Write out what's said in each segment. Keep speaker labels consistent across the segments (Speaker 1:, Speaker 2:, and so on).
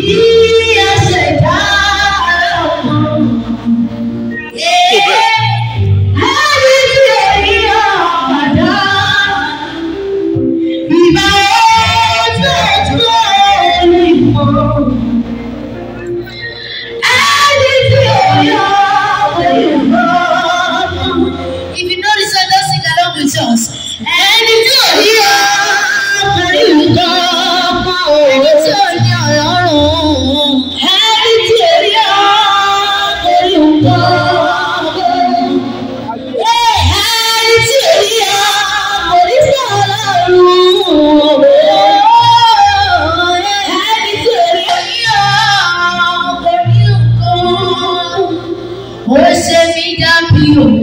Speaker 1: You. you.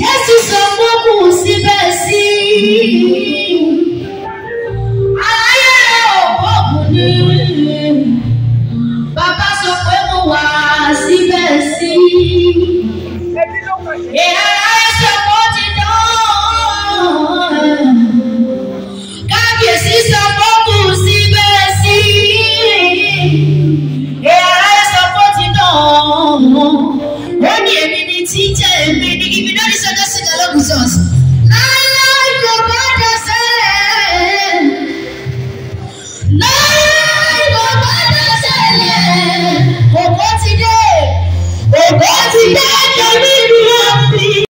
Speaker 1: Jésù sọ gbógun síbẹ̀ sí i. Aláyé ò gbógun ní bàbá sọ pé mo wà síbẹ̀ sí i. Èyí ló